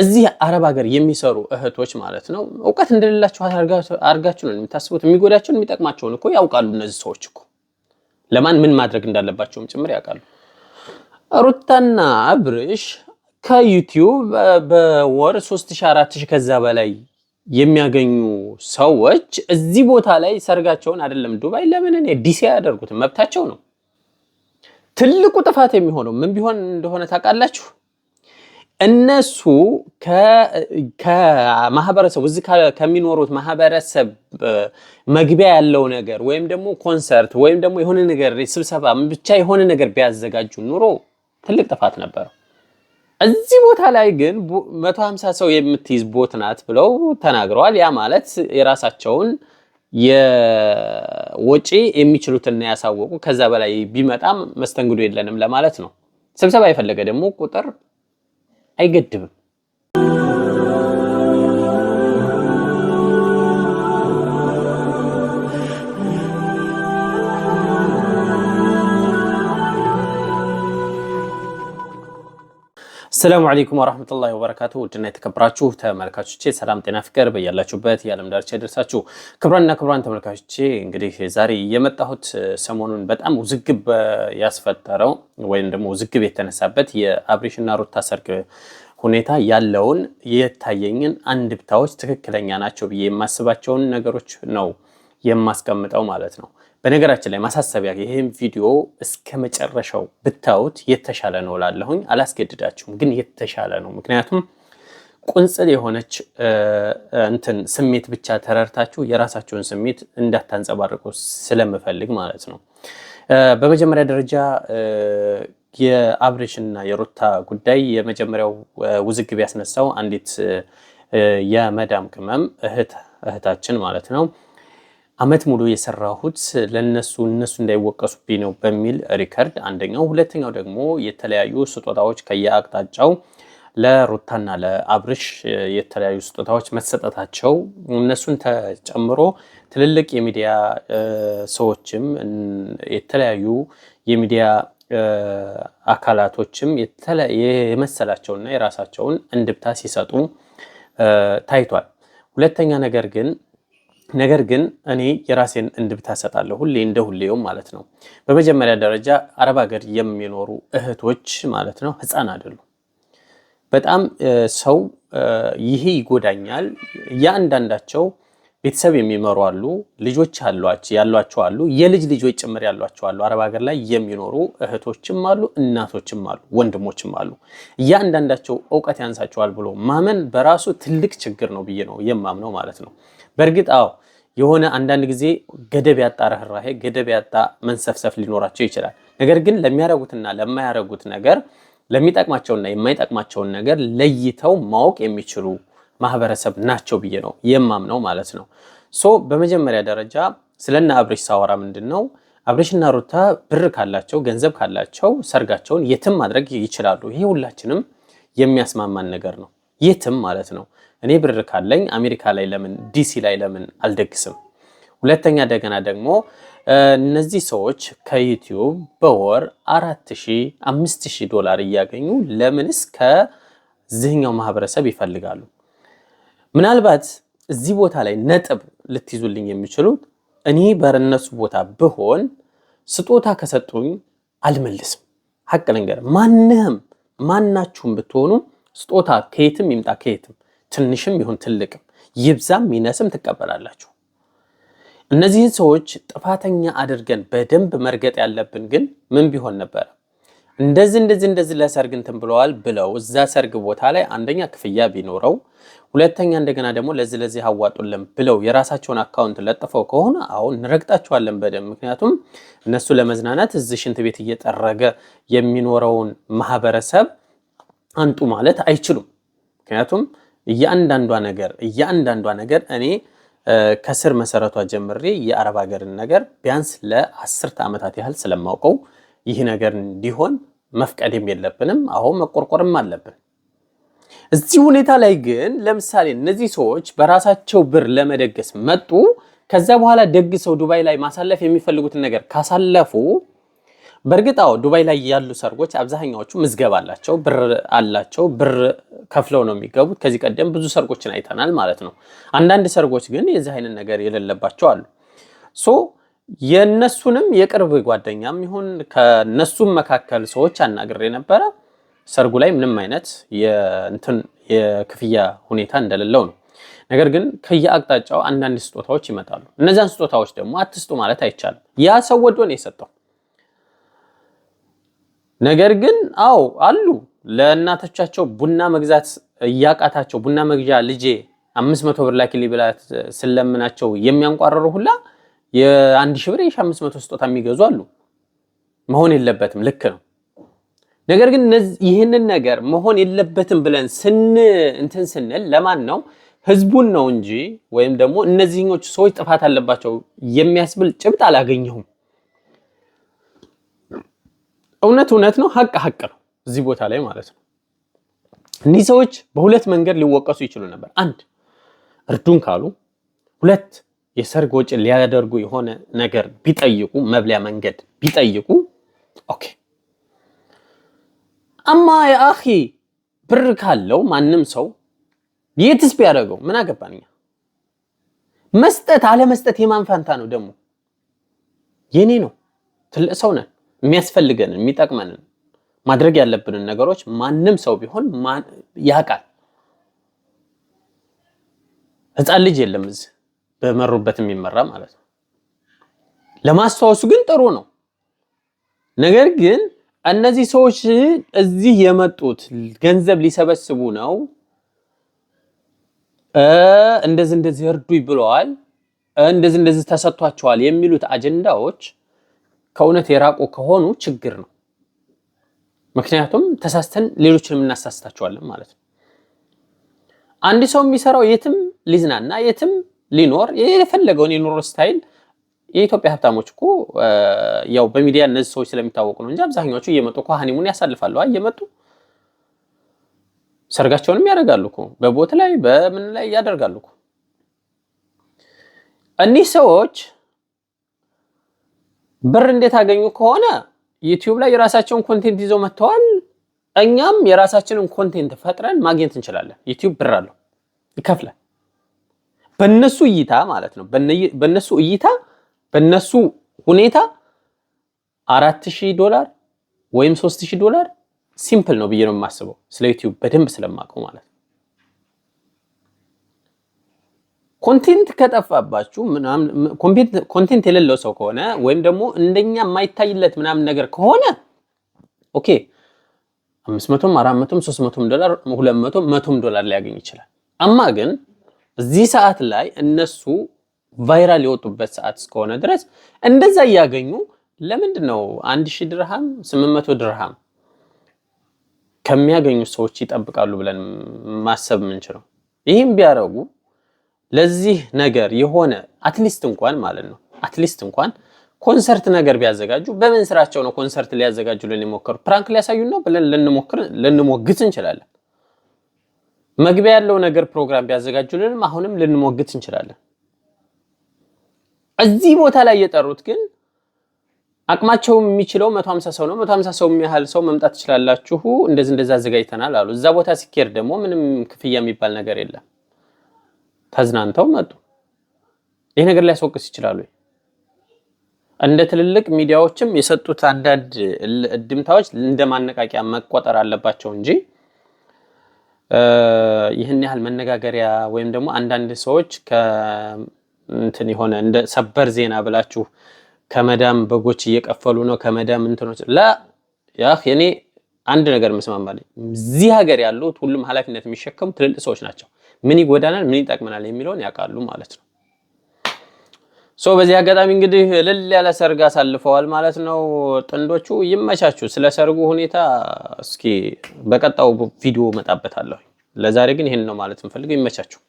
እዚህ አረብ ሀገር የሚሰሩ እህቶች ማለት ነው እውቀት እንደሌላችሁ አድርጋችሁ ነው የምታስቡት። የሚጎዳቸውን የሚጠቅማቸውን እኮ ያውቃሉ። እነዚህ ሰዎች እኮ ለማን ምን ማድረግ እንዳለባቸውም ጭምር ያውቃሉ። ሩታና አብርሽ ከዩቲዩብ በወር 3400 ከዛ በላይ የሚያገኙ ሰዎች እዚህ ቦታ ላይ ሰርጋቸውን አይደለም ዱባይ ለምን እኔ ዲሲ አያደርጉትም? መብታቸው ነው። ትልቁ ጥፋት የሚሆነው ምን ቢሆን እንደሆነ ታውቃላችሁ? እነሱ ከማህበረሰቡ እዚህ ከሚኖሩት ማህበረሰብ መግቢያ ያለው ነገር ወይም ደግሞ ኮንሰርት ወይም ደግሞ የሆነ ነገር ስብሰባ ብቻ የሆነ ነገር ቢያዘጋጁ ኑሮ ትልቅ ጥፋት ነበረው። እዚህ ቦታ ላይ ግን መቶ ሀምሳ ሰው የምትይዝ ቦት ናት ብለው ተናግረዋል። ያ ማለት የራሳቸውን የወጪ የሚችሉትን ያሳወቁ ከዛ በላይ ቢመጣም መስተንግዶ የለንም ለማለት ነው። ስብሰባ የፈለገ ደግሞ ቁጥር I get it ሰላሙ አለይኩም ወራህመቱላሂ ወበረካቱ። ውድና የተከበራችሁ ተመልካቾቼ ሰላም ጤና ፍቅር በያላችሁበት የዓለም ዳርቻ ይደርሳችሁ። ክብራንና ክብራን ተመልካቾቼ እንግዲህ ዛሬ የመጣሁት ሰሞኑን በጣም ውዝግብ ያስፈጠረው ወይም ደግሞ ውዝግብ የተነሳበት የአብሬሽና ሩታ ሰርግ ሁኔታ ያለውን የታየኝን አንድምታዎች፣ ትክክለኛ ናቸው ብዬ የማስባቸውን ነገሮች ነው የማስቀምጠው ማለት ነው። በነገራችን ላይ ማሳሰቢያ፣ ይህም ቪዲዮ እስከ መጨረሻው ብታዩት የተሻለ ነው ላለሁኝ። አላስገድዳችሁም፣ ግን የተሻለ ነው። ምክንያቱም ቁንጽል የሆነች እንትን ስሜት ብቻ ተረድታችሁ የራሳችሁን ስሜት እንዳታንጸባርቁ ስለምፈልግ ማለት ነው። በመጀመሪያ ደረጃ የአብርሽ የሩታ ጉዳይ የመጀመሪያው ውዝግብ ያስነሳው አንዲት የመዳም ቅመም እህት እህታችን ማለት ነው አመት ሙሉ የሰራሁት ለነሱ እነሱ እንዳይወቀሱብኝ ነው በሚል ሪከርድ አንደኛው። ሁለተኛው ደግሞ የተለያዩ ስጦታዎች ከየአቅጣጫው ለሩታና ለአብርሽ የተለያዩ ስጦታዎች መሰጠታቸው እነሱን ተጨምሮ ትልልቅ የሚዲያ ሰዎችም የተለያዩ የሚዲያ አካላቶችም የመሰላቸውና የራሳቸውን እንድብታ ሲሰጡ ታይቷል። ሁለተኛ ነገር ግን ነገር ግን እኔ የራሴን እንድብታ ሰጣለሁ፣ ሁሌ እንደ ሁሌውም ማለት ነው። በመጀመሪያ ደረጃ አረብ ሀገር የሚኖሩ እህቶች ማለት ነው ህፃን አይደሉም። በጣም ሰው ይሄ ይጎዳኛል እያንዳንዳቸው ቤተሰብ የሚመሩ አሉ፣ ልጆች ያሏቸው አሉ፣ የልጅ ልጆች ጭምር ያሏቸው አሉ። አረብ ሀገር ላይ የሚኖሩ እህቶችም አሉ፣ እናቶችም አሉ፣ ወንድሞችም አሉ። እያንዳንዳቸው እውቀት ያንሳቸዋል ብሎ ማመን በራሱ ትልቅ ችግር ነው ብዬ ነው የማምነው ማለት ነው። በእርግጥ አዎ የሆነ አንዳንድ ጊዜ ገደብ ያጣ ርህራሄ፣ ገደብ ያጣ መንሰፍሰፍ ሊኖራቸው ይችላል። ነገር ግን ለሚያደርጉትና ለማያረጉት ነገር ለሚጠቅማቸውና የማይጠቅማቸውን ነገር ለይተው ማወቅ የሚችሉ ማህበረሰብ ናቸው ብዬ ነው የማምነው ማለት ነው። ሶ በመጀመሪያ ደረጃ ስለነ አብሬሽ ሳወራ ምንድን ነው አብሬሽና ሩታ ብር ካላቸው ገንዘብ ካላቸው ሰርጋቸውን የትም ማድረግ ይችላሉ። ይሄ ሁላችንም የሚያስማማን ነገር ነው። የትም ማለት ነው። እኔ ብር ካለኝ አሜሪካ ላይ ለምን ዲሲ ላይ ለምን አልደግስም? ሁለተኛ እንደገና ደግሞ እነዚህ ሰዎች ከዩቲዩብ በወር አራት ሺ አምስት ሺ ዶላር እያገኙ ለምንስ ከዚህኛው ማህበረሰብ ይፈልጋሉ? ምናልባት እዚህ ቦታ ላይ ነጥብ ልትይዙልኝ የሚችሉት እኔ በእነሱ ቦታ ብሆን ስጦታ ከሰጡኝ አልመልስም። ሀቅ ልንገር፣ ማንህም ማናችሁም ብትሆኑ ስጦታ ከየትም ይምጣ ከየትም ትንሽም ይሁን ትልቅም ይብዛም ይነስም ትቀበላላችሁ። እነዚህን ሰዎች ጥፋተኛ አድርገን በደንብ መርገጥ ያለብን ግን ምን ቢሆን ነበረ? እንደዚህ እንደዚህ እንደዚህ ለሰርግ እንትን ብለዋል ብለው እዛ ሰርግ ቦታ ላይ አንደኛ ክፍያ ቢኖረው፣ ሁለተኛ እንደገና ደግሞ ለዚህ ለዚህ አዋጡልን ብለው የራሳቸውን አካውንት ለጥፈው ከሆነ አሁን እንረግጣቸዋለን በደንብ። ምክንያቱም እነሱ ለመዝናናት እዚህ ሽንት ቤት እየጠረገ የሚኖረውን ማህበረሰብ አንጡ ማለት አይችሉም። ምክንያቱም እያንዳንዷ ነገር እያንዳንዷ ነገር እኔ ከስር መሰረቷ ጀምሬ የአረብ ሀገርን ነገር ቢያንስ ለአስርተ ዓመታት ያህል ስለማውቀው ይህ ነገር እንዲሆን መፍቀድም የለብንም። አሁን መቆርቆርም አለብን። እዚህ ሁኔታ ላይ ግን ለምሳሌ እነዚህ ሰዎች በራሳቸው ብር ለመደገስ መጡ። ከዛ በኋላ ደግ ሰው ዱባይ ላይ ማሳለፍ የሚፈልጉትን ነገር ካሳለፉ በእርግጣው ዱባይ ላይ ያሉ ሰርጎች አብዛኛዎቹ ምዝገባ አላቸው፣ ብር አላቸው፣ ብር ከፍለው ነው የሚገቡት። ከዚህ ቀደም ብዙ ሰርጎችን አይተናል ማለት ነው። አንዳንድ ሰርጎች ግን የዚህ አይነት ነገር የሌለባቸው አሉ። የእነሱንም የቅርብ ጓደኛም ይሁን ከነሱም መካከል ሰዎች አናግሬ ነበረ። ሰርጉ ላይ ምንም አይነት የእንትን የክፍያ ሁኔታ እንደሌለው ነው። ነገር ግን ከየአቅጣጫው አንዳንድ ስጦታዎች ይመጣሉ። እነዚያን ስጦታዎች ደግሞ አትስጡ ማለት አይቻልም። ያ ሰው ወዶ ነው የሰጠው። ነገር ግን አዎ አሉ ለእናቶቻቸው ቡና መግዛት እያቃታቸው ቡና መግዣ ልጄ አምስት መቶ ብር ላኪልኝ ብላ ስለምናቸው የሚያንቋረሩ ሁላ የአንድ ሺህ ብር የሺህ አምስት መቶ ስጦታ የሚገዙ አሉ። መሆን የለበትም ልክ ነው። ነገር ግን ይህንን ነገር መሆን የለበትም ብለን ስን እንትን ስንል ለማን ነው? ህዝቡን ነው እንጂ ወይም ደግሞ እነዚህኞቹ ሰዎች ጥፋት አለባቸው የሚያስብል ጭብጥ አላገኘሁም። እውነት እውነት ነው፣ ሀቅ ሀቅ ነው። እዚህ ቦታ ላይ ማለት ነው እኒህ ሰዎች በሁለት መንገድ ሊወቀሱ ይችሉ ነበር። አንድ እርዱን ካሉ፣ ሁለት የሰርግ ወጪ ሊያደርጉ የሆነ ነገር ቢጠይቁ መብለያ መንገድ ቢጠይቁ ኦኬ። አማ የአኺ ብር ካለው ማንም ሰው የትስ ቢያደርገው ምን አገባን እኛ። መስጠት አለመስጠት የማንፋንታ ነው ደግሞ? የኔ ነው። ትልቅ ሰው ነን። የሚያስፈልገንን የሚጠቅመንን ማድረግ ያለብንን ነገሮች ማንም ሰው ቢሆን ያውቃል። ህፃን ልጅ የለም እዚህ በመሩበት የሚመራ ማለት ነው። ለማስታወሱ ግን ጥሩ ነው። ነገር ግን እነዚህ ሰዎች እዚህ የመጡት ገንዘብ ሊሰበስቡ ነው። እንደዚህ እንደዚህ እርዱኝ ብለዋል፣ እንደዚህ እንደዚህ ተሰጥቷቸዋል የሚሉት አጀንዳዎች ከእውነት የራቁ ከሆኑ ችግር ነው። ምክንያቱም ተሳስተን ሌሎችን እናሳስታቸዋለን ማለት ነው። አንድ ሰው የሚሰራው የትም ሊዝናና የትም ሊኖር የፈለገውን የኑሮ ስታይል የኢትዮጵያ ሀብታሞች እኮ ያው በሚዲያ እነዚህ ሰዎች ስለሚታወቁ ነው እንጂ አብዛኛዎቹ እየመጡ እኮ ሀኒሙን ያሳልፋሉ። እየመጡ ሰርጋቸውንም ያደርጋሉ እኮ በቦት ላይ በምን ላይ ያደርጋሉ እኮ። እኒህ ሰዎች ብር እንዴት አገኙ ከሆነ ዩቲዩብ ላይ የራሳቸውን ኮንቴንት ይዘው መጥተዋል። እኛም የራሳችንን ኮንቴንት ፈጥረን ማግኘት እንችላለን። ዩቲዩብ ብር አለው፣ ይከፍላል። በነሱ እይታ ማለት ነው። በነሱ እይታ በነሱ ሁኔታ አራት ሺህ ዶላር ወይም ሶስት ሺህ ዶላር ሲምፕል ነው ብዬ ነው የማስበው ስለ ዩቲዩብ በደንብ ስለማውቀው ማለት ነው። ኮንቴንት ከጠፋባችሁ ኮንቴንት የሌለው ሰው ከሆነ ወይም ደግሞ እንደኛ የማይታይለት ምናምን ነገር ከሆነ ኦኬ አምስት መቶም አራት መቶም ሶስት መቶም ዶላር ሁለት መቶ መቶም ዶላር ሊያገኝ ይችላል። አማ ግን እዚህ ሰዓት ላይ እነሱ ቫይራል የወጡበት ሰዓት እስከሆነ ድረስ እንደዛ እያገኙ ለምንድን ነው አንድ ሺህ ድርሃም ስምንት መቶ ድርሃም ከሚያገኙ ሰዎች ይጠብቃሉ ብለን ማሰብ የምንችለው? ይህም ቢያደርጉ ለዚህ ነገር የሆነ አትሊስት እንኳን ማለት ነው አትሊስት እንኳን ኮንሰርት ነገር ቢያዘጋጁ በምን ስራቸው ነው ኮንሰርት ሊያዘጋጁልን የሞከሩ? ፕራንክ ሊያሳዩ ነው ብለን ልንሞግት እንችላለን። መግቢያ ያለው ነገር ፕሮግራም ቢያዘጋጁልንም አሁንም ልንሞግት እንችላለን። እዚህ ቦታ ላይ የጠሩት ግን አቅማቸው የሚችለው 150 ሰው ነው። 150 ሰው የሚያህል ሰው መምጣት ትችላላችሁ፣ እንደዚህ እንደዚህ አዘጋጅተናል አሉ። እዛ ቦታ ሲኬር ደግሞ ምንም ክፍያ የሚባል ነገር የለም። ተዝናንተው መጡ። ይህ ነገር ሊያስወቅስ ይችላሉ። እንደ ትልልቅ ሚዲያዎችም የሰጡት አንዳንድ እድምታዎች እንደ ማነቃቂያ መቆጠር አለባቸው እንጂ ይህን ያህል መነጋገሪያ ወይም ደግሞ አንዳንድ ሰዎች እንትን የሆነ እንደ ሰበር ዜና ብላችሁ ከመዳም በጎች እየቀፈሉ ነው ከመዳም እንትኖች ላ ያ እኔ አንድ ነገር መስማማለኝ። እዚህ ሀገር ያሉት ሁሉም ኃላፊነት የሚሸከሙ ትልልቅ ሰዎች ናቸው። ምን ይጎዳናል፣ ምን ይጠቅመናል የሚለውን ያውቃሉ ማለት ነው። ሶ በዚህ አጋጣሚ እንግዲህ እልል ያለ ሰርግ አሳልፈዋል ማለት ነው ጥንዶቹ። ይመቻችሁ። ስለ ሰርጉ ሁኔታ እስኪ በቀጣው ቪዲዮ መጣበታለሁ። ለዛሬ ግን ይህን ነው ማለት እንፈልገው። ይመቻችሁ።